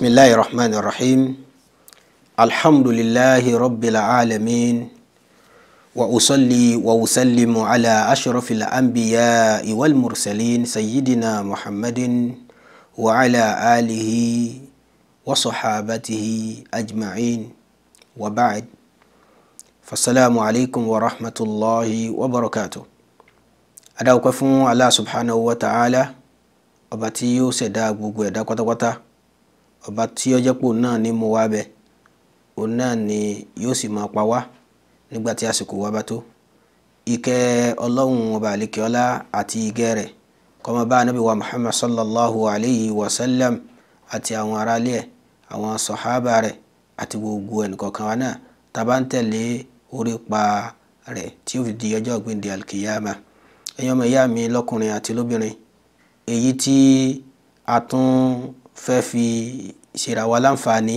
بسم الله الرحمن الرحيم الحمد لله رب العالمين وأصلي وأسلم على أشرف الأنبياء والمرسلين سيدنا محمد وعلى آله وصحابته أجمعين وبعد فالسلام عليكم ورحمة الله وبركاته أدعوكم الله سبحانه وتعالى أبتيو سيدا بوغو ọba tí ó jẹ́ pé òun náà ní mú wá bẹ òun náà ni yóò sì máa pa wá nígbà tí àsìkò wa bá tó ìkẹ́ ọlọ́run ọba àlekèọ́lá àti ìgẹ́ rẹ̀ kọ́mọ bá anábì wa muhammad sallallahu alayhi wa sallam àti àwọn aráalé ẹ̀ àwọn sọ̀hábà rẹ̀ àti gbogbo ẹnìkọ̀ọ̀kan wa náà tàbá ń tẹ̀lé orí pa rẹ̀ tí ó fi di ọjọ́ ògbìndì alkiyama ẹ̀yin ọmọ ìyá mi lọ́kùnrin àti lóbìnrin èyí tí a tún fẹ́ fi ṣera wa láǹfààní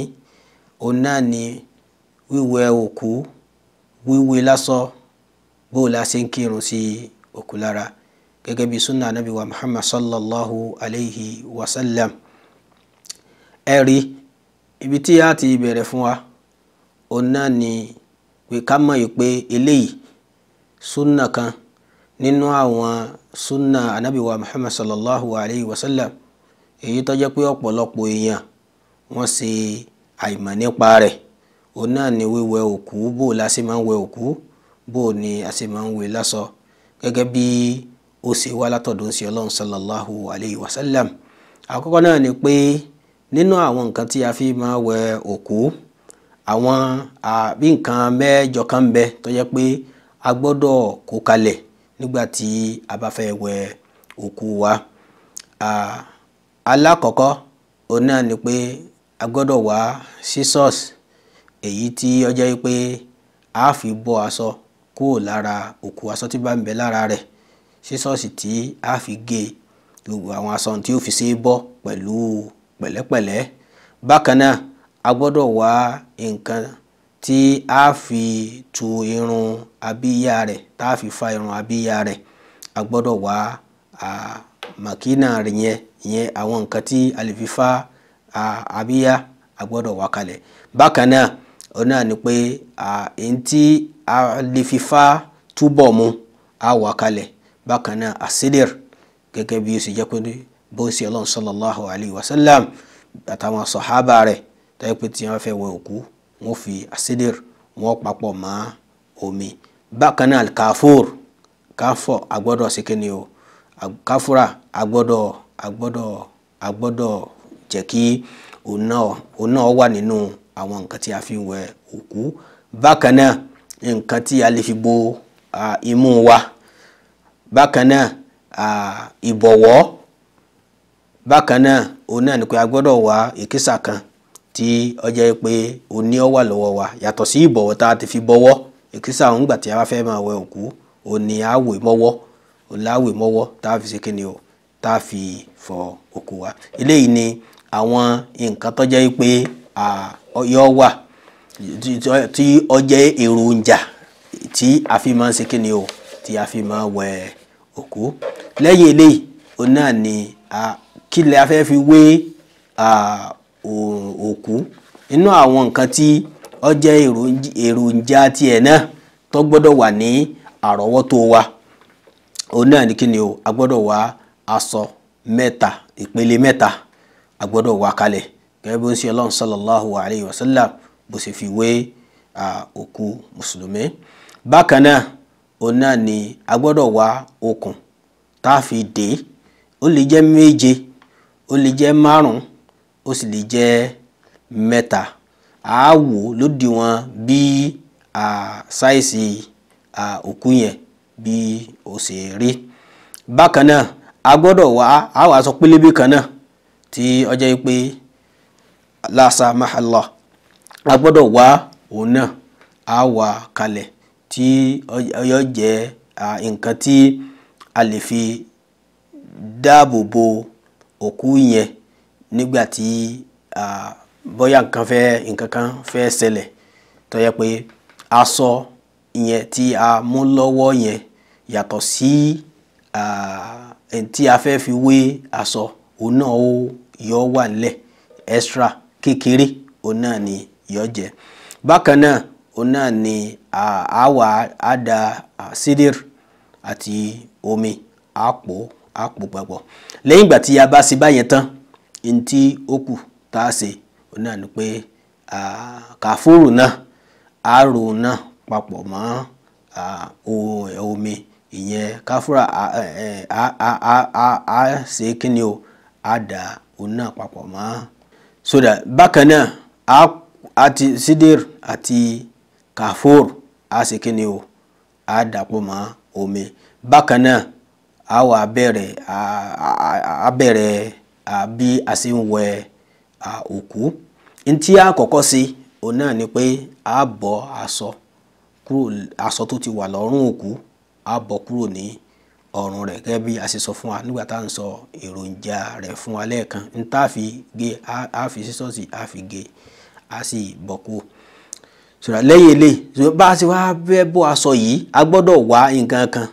òun náà ni wíwẹ̀ òkú wíwẹ̀ lásọ bó la ṣe ń kírun sí òkú lára gẹ́gẹ́ bí sunna anabi wa muhammad sallallahu alayhi wa sallam ẹ̀rí ibi tí a ti bẹ̀rẹ̀ fún wa òun náà ni pé ká mọ̀ yìí pé eléyìí sunna kan nínú àwọn sunna anabi wa muhammad sallallahu alayhi wa sallam èyí tó jẹ́ pé ọ̀pọ̀lọpọ̀ èèyàn wọ́n ṣe àìmọ̀ nípa rẹ̀ òun náà ni wíwẹ òkú bó la ṣe máa ń wẹ òkú bó ni a ṣe máa ń wẹ láṣọ gẹ́gẹ́ bí ó ṣe wá látọ̀dọ̀ sí ọlọ́run sallallahu alayhi wa sallam àkọ́kọ́ náà ni pé nínú àwọn nǹkan tí a fi máa wẹ òkú àwọn àbí nǹkan mẹ́jọ kan ń bẹ tó jẹ́ pé a gbọ́dọ̀ kó kalẹ̀ nígbà tí a bá fẹ́ wẹ òkú wa. alákọ̀ọ́kọ́ òun náà ni pé a gbọ́dọ̀ wá scissors èyí tí ó jẹ́ pé a fi bọ́ aṣọ kúrò lára òkú aṣọ tí bá ń bẹ lára rẹ̀ scissors tí a fi gé gbogbo àwọn aṣọ tí ó fi ṣe é bọ́ pẹ̀lú pẹ̀lẹ́pẹ̀lẹ́ bákan náà a gbọ́dọ̀ wá a fi fa irun abíyá rẹ̀ a gbọ́dọ̀ wá màkínà rẹ̀ ìyẹn àwọn nǹkan tí a lè fi fa abíyá a gbọ́dọ̀ wá kalẹ̀ bákan náà òun náà ni pé èyí tí a lè fi fa túbọ̀ mu a wá kalẹ̀ bákan náà asidir gẹ́gẹ́ bí o sì jẹ́ pé bó ṣe ọlọ́run sallallahu alayhi wa sallam àtàwọn sọ̀hábà rẹ̀ tẹ́lẹ̀ pé tí fẹ́ wẹ òkú wọ́n fi asidir wọ́n papọ̀ mọ́ omi bákan náà káfóòr káfọ̀ agbọ́dọ̀ síkíni o káfúrà agbọ́dọ̀ a gbọ́dọ̀ a gbọ́dọ̀ jẹ́ kí òun náà òun náà wà nínú àwọn nǹkan tí a fi wẹ òkú bákan náà nǹkan tí a lè fi bo imú wa bákan náà ìbọ̀wọ́ bákan náà òun náà ni pé a gbọ́dọ̀ ìkísà kan tí ó pé òun ní wà lọ́wọ́ wa yàtọ̀ sí ìbọ̀wọ́ tá a ti fi bọwọ́ ìkísà òun gbà tí a bá fẹ́ máa wẹ òkú òun ni a wè mọ́wọ́ òun láwè tá a fi ṣe kí ni o tá a fi fọ oko wa eléyìí ni àwọn nǹkan tó jẹ́ pé yọ wà tí ó jẹ́ èròjà tí a fi máa ń ṣe kíni o tí a fi máa wẹ òkú lẹ́yìn eléyìí òun náà ni kí lẹ a fẹ́ fi wé òkú inú àwọn nǹkan tí ó jẹ́ èròjà tiẹ̀ náà tó gbọ́dọ̀ wà ní àrọ́wọ́tó wa òun náà ni kíni o a gbọ́dọ̀ wà. Wa asọ mẹta ìpele mẹta agbọdọ gbọ́dọ̀ wá kalẹ̀ bí ó ṣe ọlọ́run sallallahu alayhi wa sallam bó ṣe fi wé òkú mùsùlùmí. bákan náà òun náà ni agbọdọ gbọ́dọ̀ wá okùn tá a fi dè é ó lè jẹ́ méje ó lè jẹ́ márùn-ún ó sì lè jẹ́ mẹ́ta a wò lódiwọ̀n bí sáìsì òkú yẹn bí ó ṣe rí. bákan náà a gbọ́dọ̀ wá a wàá sọ pélébé kan náà tí ọjọ́ yìí pé lásà mahalla a gbọ́dọ̀ wá òun náà a wà kalẹ̀ tí ọyọ́ jẹ́ nǹkan tí a lè fi dáàbò bo òkú yẹn nígbà tí bóyá nǹkan fẹ́ nǹkan kan fẹ́ ṣẹlẹ̀ tó yẹ pé aṣọ yẹn tí a mú lọ́wọ́ yẹn yàtọ̀ sí. Uh, tí a fẹ́ fi wé aṣọ òun náà ó yọ wà nílẹ̀ extra kékeré òun náà ni yọ jẹ bákan náà òun náà ni àwa ada sídìr àti omi àpò àpò papọ̀ lẹ́yìn ìgbà tí a bá ṣe báyẹn tán ní tí ó kù tá a ṣe òun náà ni pé kàfúrù náà àrò náà omi. ìyẹn káfúrà á ṣe kíni o á da òun náà papọ̀ mọ́ sódà bákan náà á sídìr àti á ṣe kíni o á dàpọ̀ mọ́ omi bákan náà á wà bẹ̀rẹ̀ á bẹ̀rẹ̀ a ṣe ń wẹ òkú a kọ́kọ́ ṣe òun náà ni pé a bọ́ aṣọ kúrò aṣọ ti wà lọ́rùn òkú á bọ́ kúrò ní ọrùn rẹ̀ gẹ́gẹ́ bí a ṣe sọ fún wa nígbà tá à ń sọ èròjà rẹ̀ fún wa lẹ́ẹ̀kan n tá a fi gé a fi sísọ́ọ̀sì a fi gé a sì bọ́ kú sọ̀rọ̀ lẹ́yìn eléyìí bá a ṣe wá bẹ́ bọ́ aṣọ yìí a gbọ́dọ̀ wá nǹkan kan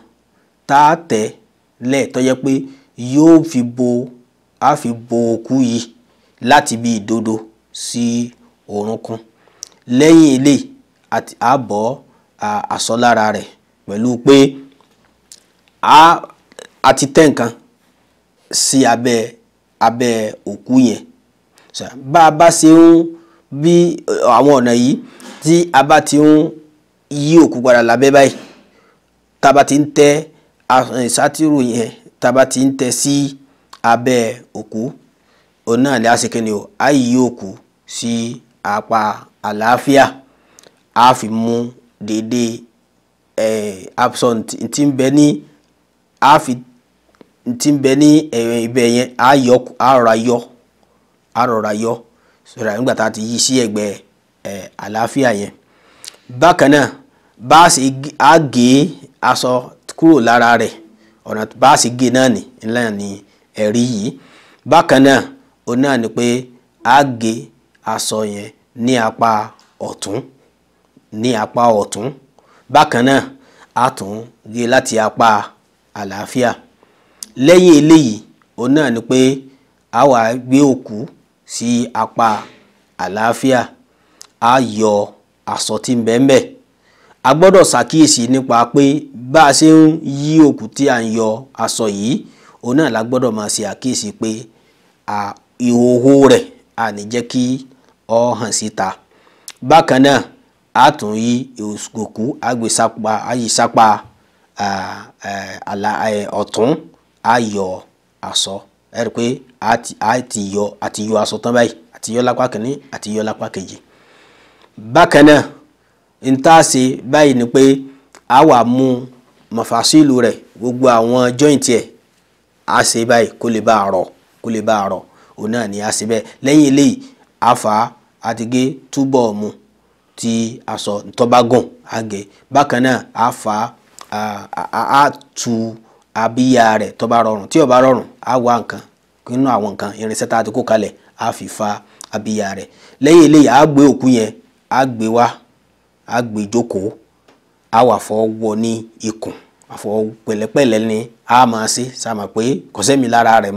tá a tẹ̀ lẹ̀ tó jẹ́ pé yóò fi bo a fi bo òkú yìí láti bí ìdodo sí orúnkún lẹ́yìn eléyìí a bọ́ lára rẹ̀ pẹ̀lú pé. Pe, a a ti tẹ́ nǹkan sí abẹ́ abẹ́ òkú yẹn bá a bá ṣe ń bí àwọn ọ̀nà yìí tí a bá ti ń yí òkú padà lábẹ́ báyìí tá a bá ti ń tẹ́ sátírù yẹn tá a bá ti ń tẹ́ sí abẹ́ òkú òun náà lè àṣekè ni o a yí òkú sí apá àlàáfíà a fi mú déédéé ẹ̀ absent ti ń bẹ ní. a fi ti ń bẹ ní e, a yọ yọ ti yí sí ẹ̀gbẹ́ ẹ̀ àlàáfíà yẹn bákan náà a si aṣọ kúrò lára rẹ̀ ọ̀nà bá gé náà ní ńlá ní ẹ̀rí yìí bákan náà o náà ni a aṣọ yẹn ní apá ọ̀tún ní apá ọ̀tún bákan a tún gé láti apá àlàáfíà lẹ́yìn eléyìí òun náà ni pé a wà gbé òkú sí apá àlàáfíà a yọ aṣọ tí ń bẹ ń nipa a gbọ́dọ̀ ṣàkíyèsí nípa pé bá a ṣe ń yí òkú tí a ń yọ aṣọ yìí òun náà la gbọ́dọ̀ máa ṣe àkíyèsí pé ìhòhò rẹ̀ a ní jẹ́ kí ọ hàn síta bákan náà a tún yí òkú ọ̀tún á yọ aṣọ ẹ rí i pé a ti yọ a ti yọ tán báyìí a ti yọ lápá kìíní a ti yọ lápá kejì bákan náà n tá a ṣe báyìí ni pé a wà mú mọ̀fàṣílù rẹ̀ gbogbo àwọn jọ́ìntì ẹ̀ a ṣe báyìí kó lè bá a rọ̀ kó lè bá a rọ̀ òun náà ni a ṣe bẹ́ẹ̀ lẹ́yìn eléyìí a fà á a ti gé túbọ̀ mu ti aṣọ tó gùn a gé bákan náà a fà á a tu abíyá rẹ̀ tó bá rọrùn tí o bá rọrùn á wá nǹkan nínú àwọn nǹkan irinṣẹ́ a ti kó kalẹ̀ fi fa abíyá rẹ lẹ́yìn eléyìí a gbé òkú yẹn á gbé wá á gbé jókòó wà ní ikùn ni á máa ṣe sàmà pé kò sẹ́mi lára ara rẹ̀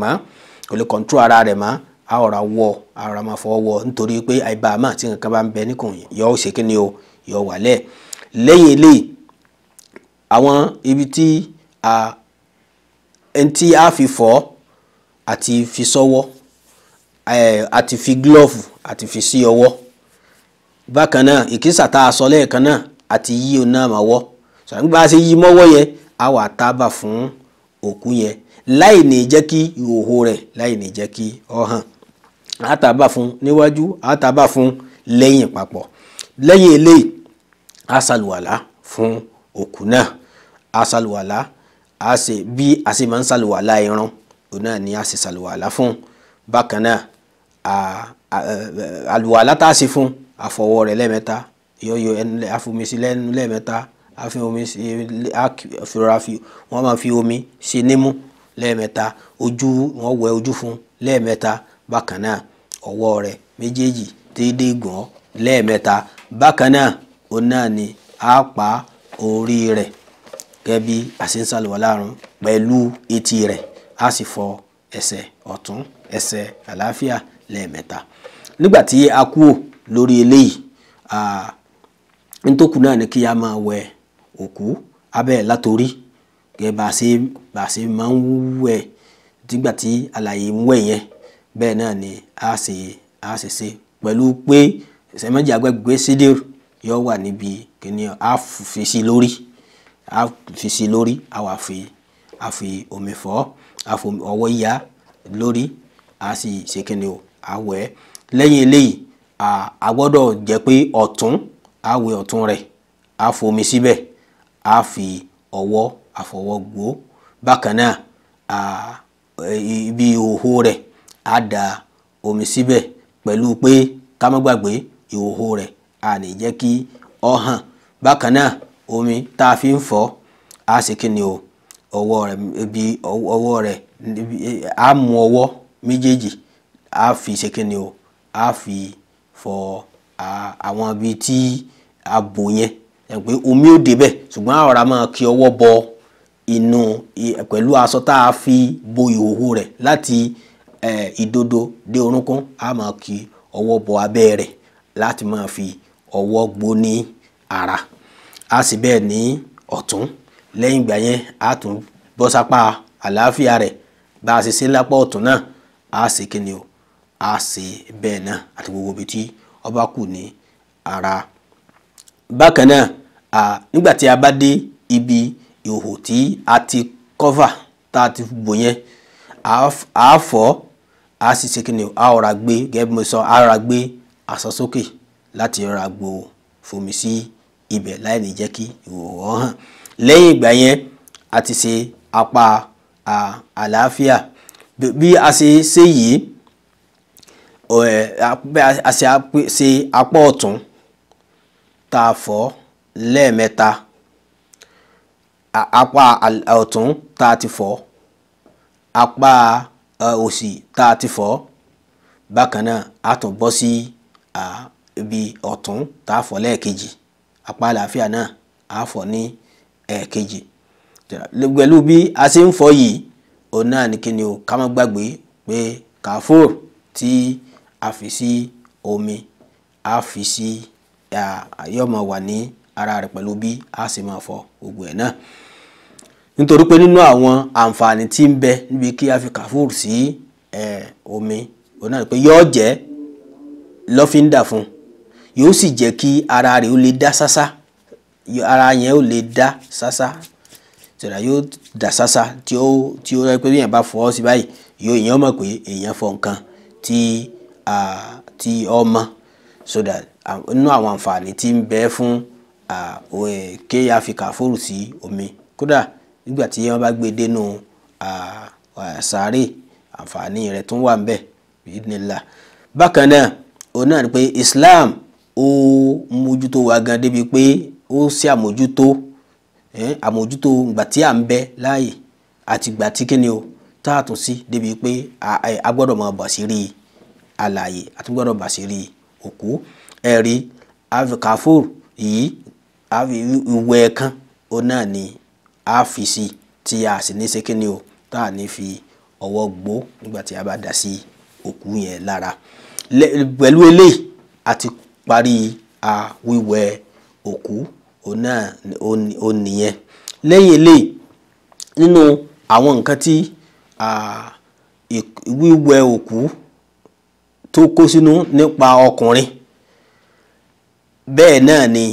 mọ́ a ọ̀rà wọ ara ma fọwọ́ wọ nítorí pé àìbá àmà tí nǹkan bá ń bẹ níkùn yọ ó ṣe kí ni o yọ àwọn ibi tí ẹni tí a fi fọ̀ àti fi sọ́wọ́ àti fi glove àti fi sí ọwọ́ bákan náà ìkísà tá a sọ lẹ́ẹ̀kan náà àti yí òun náà mọ́wọ́ sàmì bá a ṣe yí mọ́wọ́ yẹn a wà tábà fún òkú yẹn láì ní jẹ́ kí ìhòòhò rẹ̀ láì ní jẹ́ kí ọ hàn àtàbà fún níwájú àtàbà fún lẹ́yìn papọ̀ lẹ́yìn eléyìí a ṣàlùwàlá fún òkú náà a ṣàlùwàlá a ṣe bí a ṣe máa ń ṣàlùwàlá irun òun náà ni a ṣe ṣàlùwàlá fún bákan náà àlùwàlá tá a ṣe fún àfọwọ́ rẹ̀ lẹ́ẹ̀mẹ́ta yọ̀yọ̀ àfomisi lẹ́nu lẹ́ẹ̀mẹ́ta àfi omi àfìrora fi wọ́n máa fi omi ṣe nímú lẹ́ẹ̀mẹ́ta ojú wọ́n wẹ ojú fún lẹ́ẹ̀mẹ́ta bákan náà ọwọ́ méjèèjì déédéé gbọ̀n lẹ́ẹ̀mẹ́ta bákan náà òun ni a pa orí rẹ̀ gẹ́gẹ́ bí a ṣe ń ṣàlùwàlá run pẹ̀lú etí rẹ̀ a sì fọ ẹsẹ̀ ọ̀tún ẹsẹ̀ àlàáfíà lẹ́ẹ̀mẹ́ta nígbà tí a kúò lórí eléyìí nítòkù náà ni kí a máa wẹ òkú abẹ́ látorí gẹ́gẹ́ bá a ṣe bá a ṣe máa ń wẹ̀ nígbà tí àlàyé ń wẹ̀ yẹn bẹ́ẹ̀ náà ni a ṣe a ṣe ṣe pẹ̀lú pé ìṣẹ́mẹ́jì agbègbè sídìrì yóò wà níbi kìnìún a fi sí lórí a fi sí lórí a wà fi a fi omi fọ̀ a fi ọwọ́ yá lórí a sì ṣe kíni o a wẹ̀ ẹ́ eléyìí a gbọ́dọ̀ jẹ́ pé ọ̀tún a wẹ̀ ọ̀tún rẹ̀ a fomi síbẹ̀ a fi ọwọ́ àfọwọ́ gbó bákan náà ibi ìhòhò rẹ̀ a da omi síbẹ̀ pẹ̀lú pé ká má gbàgbé ìhòhò rẹ̀ a ní jẹ́ kí ọ hàn bákan náà omi tá a fi ń fọ á ṣe kí ni o ọwọ́ rẹ̀ ibi ọwọ́ rẹ̀ á mú ọwọ́ méjèèjì á fi ṣe kí ni o á fi fọ àwọn ibi tí a bò yẹn ẹ pé omi ò débẹ̀ ṣùgbọ́n àrọ̀rà máa kí ọwọ́ bọ inú pẹ̀lú aṣọ tá a fi bo ìhòhò rẹ̀ láti ìdodo dé orúnkún a máa kí ọwọ́ bọ abẹ́ rẹ̀ láti máa fi ọwọ́ gbó ara. A sì bẹ́ẹ̀ ní ọ̀tún lẹ́yìn ìgbà yẹn á tún bọ́ sápá àlàáfíà rẹ̀ bá a ṣe ṣe lápá ọ̀tún náà á ṣe kíni o á ṣe bẹ́ẹ̀ náà àti gbogbo ibi tí ó bá kù ní ara. bákan náà nígbà tí a bá dé ibi ìhò tí a ti kọ́fà tá a ti bò yẹn á fọ́ á sì ṣe kíni o á ọ̀rá gbé gẹ́gẹ́ bí mo sọ á ọ̀rá gbé aṣọ láti ọ̀rá gbò fomi sí. Si ibẹ̀ láì ní jẹ́ kí ìhòòhò hàn lẹ́yìn ìgbà yẹn a ti ṣe apá àlàáfíà bí a ṣe ṣe yìí a ṣe apá ọ̀tún tá a fọ̀ lẹ́ẹ̀mẹ́ta apá ọ̀tún tá a ti fọ̀ apá òsì tá a ti fọ̀ bákan náà a tún bọ́ sí ibi ọ̀tún tá a fọ̀ lẹ́ẹ̀kejì apá àlàáfíà náà á fọ ní ẹ̀ẹ̀kejì pẹ̀lú bí a ṣe ń fọ yìí òun náà ni kíni o ká má gbàgbé pé kàfóòr tí a fi sí omi a fi sí yóò máa wà ní ara rẹ̀ pẹ̀lú bí a ṣe máa fọ gbogbo ẹ̀ náà nítorí pé nínú àwọn àǹfààní tí ń bẹ níbi kí a fi kàfóòr sí omi òun náà ni pé yóò jẹ́ lọ́fíńdà fún un yóò sì jẹ́ kí ara rẹ̀ ó lè dá sásá ara yẹn ó lè dá sásá tẹ̀rà yóò dá sásá tí ó tí ó rẹ pé bí èèyàn bá fọwọ́ sí báyìí yóò èèyàn mọ̀ pé èèyàn fọ nǹkan tí tí ọmọ so inú àwọn àǹfààní tí ń bẹ fún ké àfikà fòrò sí omi kódà nígbà tí wọ́n bá gbé e dénú sàárè àǹfààní rẹ̀ tún wà ń bẹ bíi nílà bákan náà òun náà ni pé Islam ó mójútó wa gan débi pé ó ṣe àmójútó àmójútó ìgbà tí à ń bẹ láàyè àti ìgbà tí kíni o tá a tún sí débi pé a gbọ́dọ̀ máa bà sí rí alààyè a tún gbọ́dọ̀ bà sí rí òkú ẹ̀rí afikafur yìí ìwẹ̀ kan ó náà ni a fi sí tí a sì ní ṣe kíni o tá a ní fi ọwọ́ gbó nígbà tí a bá dà sí òkú yẹn lára pẹ̀lú eléyìí àti parí a wíwẹ̀ òkú òun náà ó nìyẹn lẹ́yìn eléyìí nínú àwọn nǹkan tí wíwẹ̀ òkú tó kó sínú nípa ọkùnrin bẹ́ẹ̀ náà ni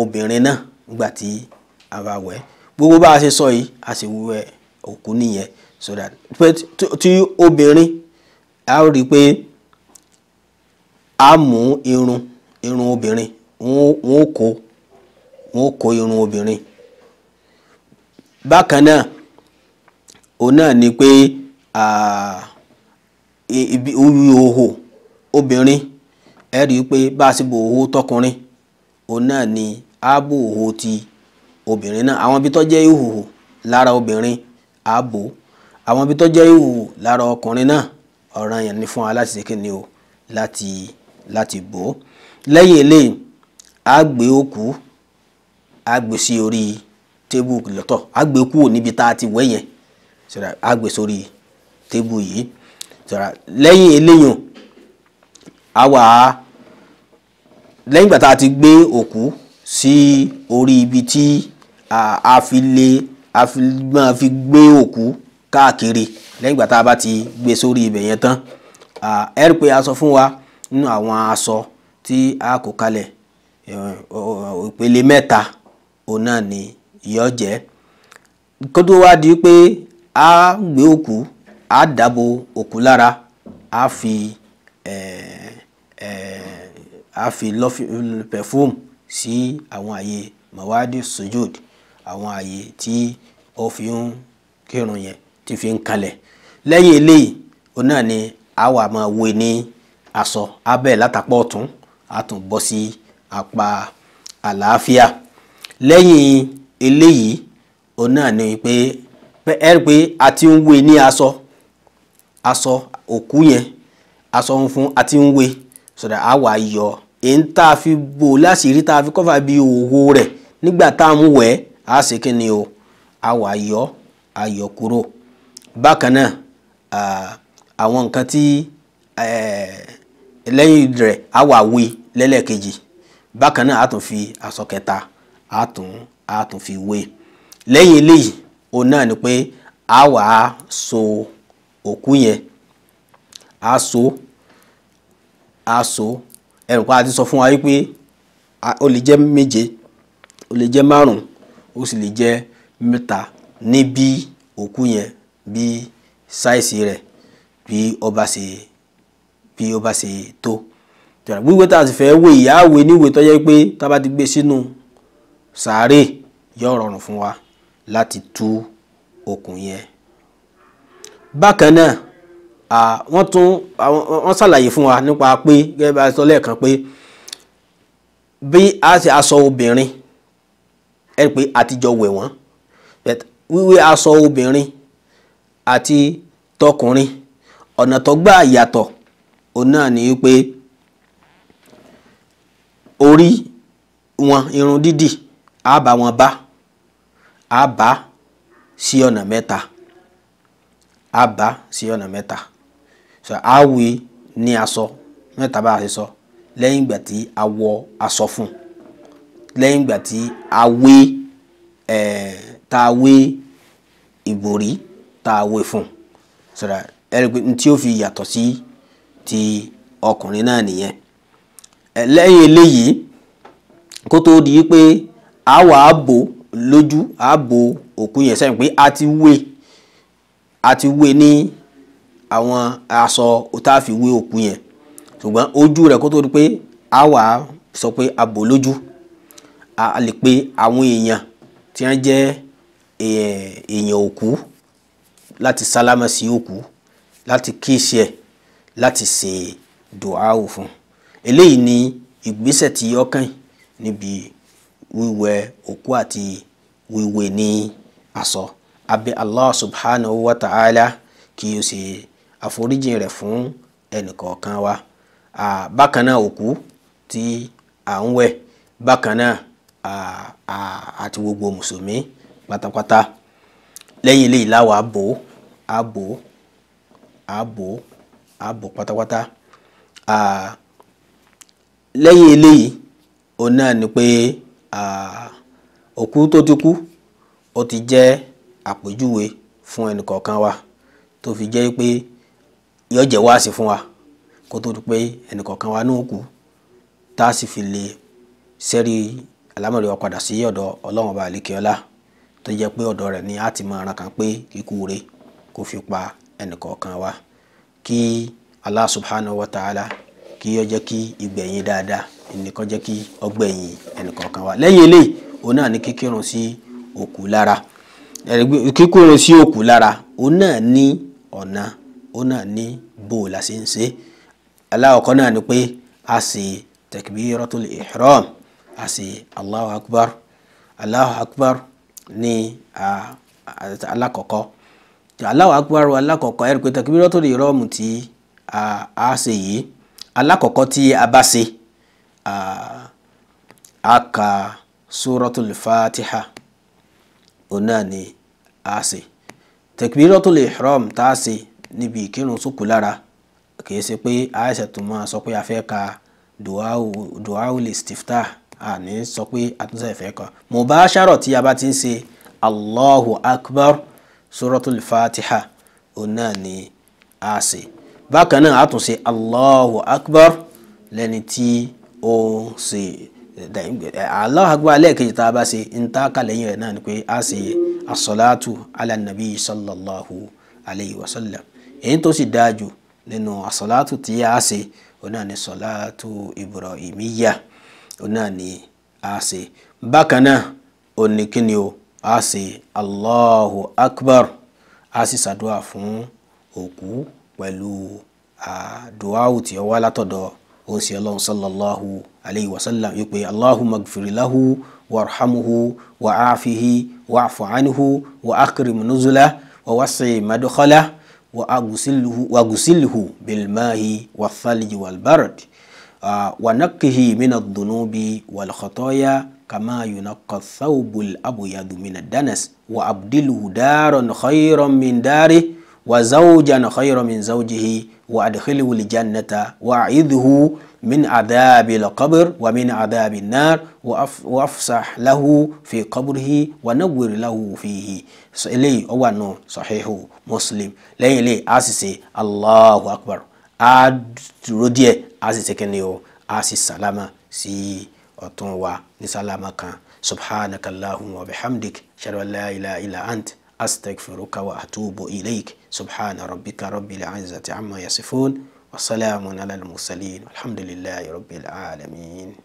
obìnrin náà nígbà tí a bá wẹ̀ gbogbo bá a ṣe sọ yìí a sì wíwẹ̀ òkú nìyẹn so that tí obìnrin a rí i pé a mú irun irun obìnrin wọn ò kó wọn ò kó irun obìnrin bákan náà òun náà ni pé ìhòhò obìnrin ẹ rí i pé bá a ṣe bo òhò tọkùnrin òun náà ni ààbò òhò ti obìnrin náà àwọn ibi tó jẹ́ ìhòhò lára obìnrin ààbò àwọn ibi tó jẹ́ ìhòhò lára ọkùnrin náà ọ̀ranyàn ni fún aláṣẹ kìnìún láti láti bò ó lẹ́yìn eléyìí a gbé òkú a gbé sí orí tébù lọ́tọ̀ a gbé kúrò níbi tá a ti wẹ̀ yẹn a gbé sórí tébù yìí lẹ́yìn eléyìí a wà á lẹ́yìn ìgbà tá a ti gbé òkú sí orí ibi tí a fi lè a fi máa fi gbé òkú káàkiri lẹ́yìn ìgbà tá a bá ti gbé sórí ibẹ̀ yẹn tán ẹ rí i pé a fún wa nínú àwọn aṣọ tí a kó kalẹ̀ eh, ìpele mẹ́ta òun náà ni yọ jẹ́ kó tó wá di pé a gbé òkú a dàbò òkú lára a fi eh, eh, a fi perfume sí àwọn àyè mawadi sujud àwọn àyè tí ó fi ń kírun yẹn tí fi ń kalẹ̀ lẹ́yìn eléyìí òun náà ni a wà máa wé ní aṣọ abẹ́ látàpọ̀ ọ̀tún a tún bọ́ sí apá àlàáfíà lẹ́yìn eléyìí òun náà ni pé ẹ rí pé a ti ń wé ní aṣọ aṣọ òkú yẹn aṣọ funfun a ti ń wé sọdọ a wà yọ èyí tá a fi bò láṣìírí tá a fi kọ́fà bí òwò rẹ̀ nígbà tá a mú wẹ̀ á ṣe kí ni o a wà yọ kúrò bákan náà àwọn nǹkan tí ẹ̀ẹ́ lẹ́yìn rẹ̀ á wà wé lẹ́lẹ́kejì bákan náà á tún fi aṣọ kẹta á tún á tún fi wé lẹ́yìn eléyìí òun náà ni pé á wà á so òkú yẹn á so á so ẹ̀rù àti sọ fún wa wípé ó lè jẹ́ méje ó lè jẹ́ márùn ó sì lè jẹ́ mẹ́ta ní bí òkú yẹn bí sáìsì rẹ̀ bí ọba ṣe bí ó bá ṣe tó wíwé tá a sì fẹ́ wé ìyá àwé níwèé tó jẹ́ pé tá a bá ti gbé sínú sàárè yóò rọrùn fún wa láti tú okùn yẹn bákan náà wọ́n tún wọ́n ṣàlàyé fún wa nípa pé gẹ́gẹ́ bá a sọ lẹ́ẹ̀kan pé bí a ṣe aṣọ obìnrin ẹ pé àtijọ́ wẹ̀ wọ́n wíwé aṣọ obìnrin àti tọkùnrin ọ̀nà tó gbà yàtọ̀ òun náà ni wípé orí wọn irun dídì á bá wọn bá á bá sí ọ̀nà mẹ́ta á bá sí ọ̀nà mẹ́ta so awi ni ní aṣọ mẹ́ta bá a ṣe sọ lẹ́yìn ìgbà tí a wọ aṣọ fún lẹ́yìn ìgbà tí a wé ẹ̀ tá a wé ìbòrí tá a wé fún so that ẹ rí i pé n tí ó fi yàtọ̀ sí. Si, ti ọkùnrin náà nìyẹn lẹ́yìn eléyìí kó tó di pé a wà á bò lójú a bò òkú yẹn sẹ́yìn pé a ti wé a ti wé ní àwọn aṣọ tá a fi wé òkú yẹn ṣùgbọ́n ojú rẹ̀ kó tó di pé a wà á sọ pé a bò lójú a lè pe àwọn èèyàn tí wọ́n jẹ́ èèyàn òkú láti sálámà sí òkú láti kí í ẹ̀ láti ṣe dùhàù fún eléyìí ni ìgbésẹ̀ tí ọkàn níbi wíwẹ òkú àti wíwẹ̀ ní aṣọ abẹ Allah subhanahu wa ta'ala kí o ṣe àforíjì rẹ̀ fún ẹnìkọ̀ọ̀kan wa bákan náà òkú tí à ń wẹ̀ bákan náà àti gbogbo mùsùlùmí pátápátá lẹ́yìn eléyìí láwa àbò àbò àbò ààbò pátápátá lẹ́yìn eléyìí òun náà ni pé òkú tó ti kú ó ti jẹ́ àpèjúwe fún ẹnìkọ̀ọ̀kan wa tó fi jẹ́ pé yóò jẹ́ wáàsí fún wa kó tó di pé ẹnìkọ̀ọ̀kan wa náà kú tá a sì fi lè sẹ́rí alámọ̀rẹ́ wa sí ọ̀dọ̀ ọlọ́run ọba àlekèọ́lá tó jẹ́ pé ọ̀dọ̀ rẹ̀ ni a ti máa ran kan pé kíkú rẹ̀ kó fi pa ẹnìkọ̀ọ̀kan wa kí Allah subhanahu wa ta'ala kí ó jẹ́ kí ìgbẹ̀yìn dáadáa ẹnìkan jẹ́ kí ọgbẹ̀yìn ẹnìkọ̀ọ̀kan wa lẹ́yìn eléyìí òun náà ní kíkírun sí òkú lára kíkírun sí òkú lára òun náà ní ọ̀nà òun náà ní bó o la ṣe ń ṣe aláwọ̀kọ́ náà ni pé a ṣe takbiratul ihram a ṣe Allahu akbar Allahu akbar ní alákọ̀ọ́kọ́ Allahu Akbar alákọ̀ọ́kọ́ ẹ̀rí pé takbiratul ìrọ́ọ̀mù tí a ṣe yìí alákọ̀ọ́kọ́ tí a bá ṣe a ka suratul fatiha òun náà ni a ṣe tá a ṣe níbi ìkírun sókù lára ṣe pé tó sọ pé a fẹ́ ka duawul istiftah àní sọ pé àtúnṣe tí suratul fatiha òun náà ni a ṣe bákan náà a tún ṣe allahu akbar lẹ́ni tí ó ń ṣe eh, allahu akbar lẹ́ẹ̀kejì tá a bá ṣe ń tá a kà lẹ́yìn rẹ̀ náà ni pé a ṣe asọ́látù ala nabi sallallahu alayhi wa sallam èyí tó sì dáa nínú asọ́látù tí a ṣe òun ni sọ́látù ibrahimiya òun ni a ṣe bákan náà òun ni kíni o a ṣe allahu akbar a sì ṣàdúrà fún òkú pẹ̀lú àdúràwù tí ó wá látọ̀dọ̀ òsì ọlọ́run sallallahu alayhi wa sallam yìí pé allahumma gfiri lahu warhamuhu wa aafihi wa afu anhu wa akrim nuzula wa wasi madukhala wa agusilhu bilmahi wa thalji wal barad wa nakihi min adunubi wal khotoya kama yunaqqa thawbul abyadu mina danas wa abdiluhu daran khayran min dari wa zawjan khayran min zawjihi wa adkhilhu aljannata wa a'idhu min adhabi alqabr wa min adhabi annar wa afsah lahu fi qabrihi wa nawwir lahu fihi so eléyìí ó wà nù sahihu muslim lẹ́yìn eléyìí a sì ṣe allahu akbar a dúró díẹ̀ a sì ṣe kíni o a sì salama sí i ọ̀tún wa ní sálámà kan subhanaka allahumma wa bihamdik shadu an la ilaha illa ant astaghfiruka wa atubu ilayk subhana rabbika rabbil izzati amma yasifun wa salamun ala al-mursalin alhamdulillahi rabbil alamin.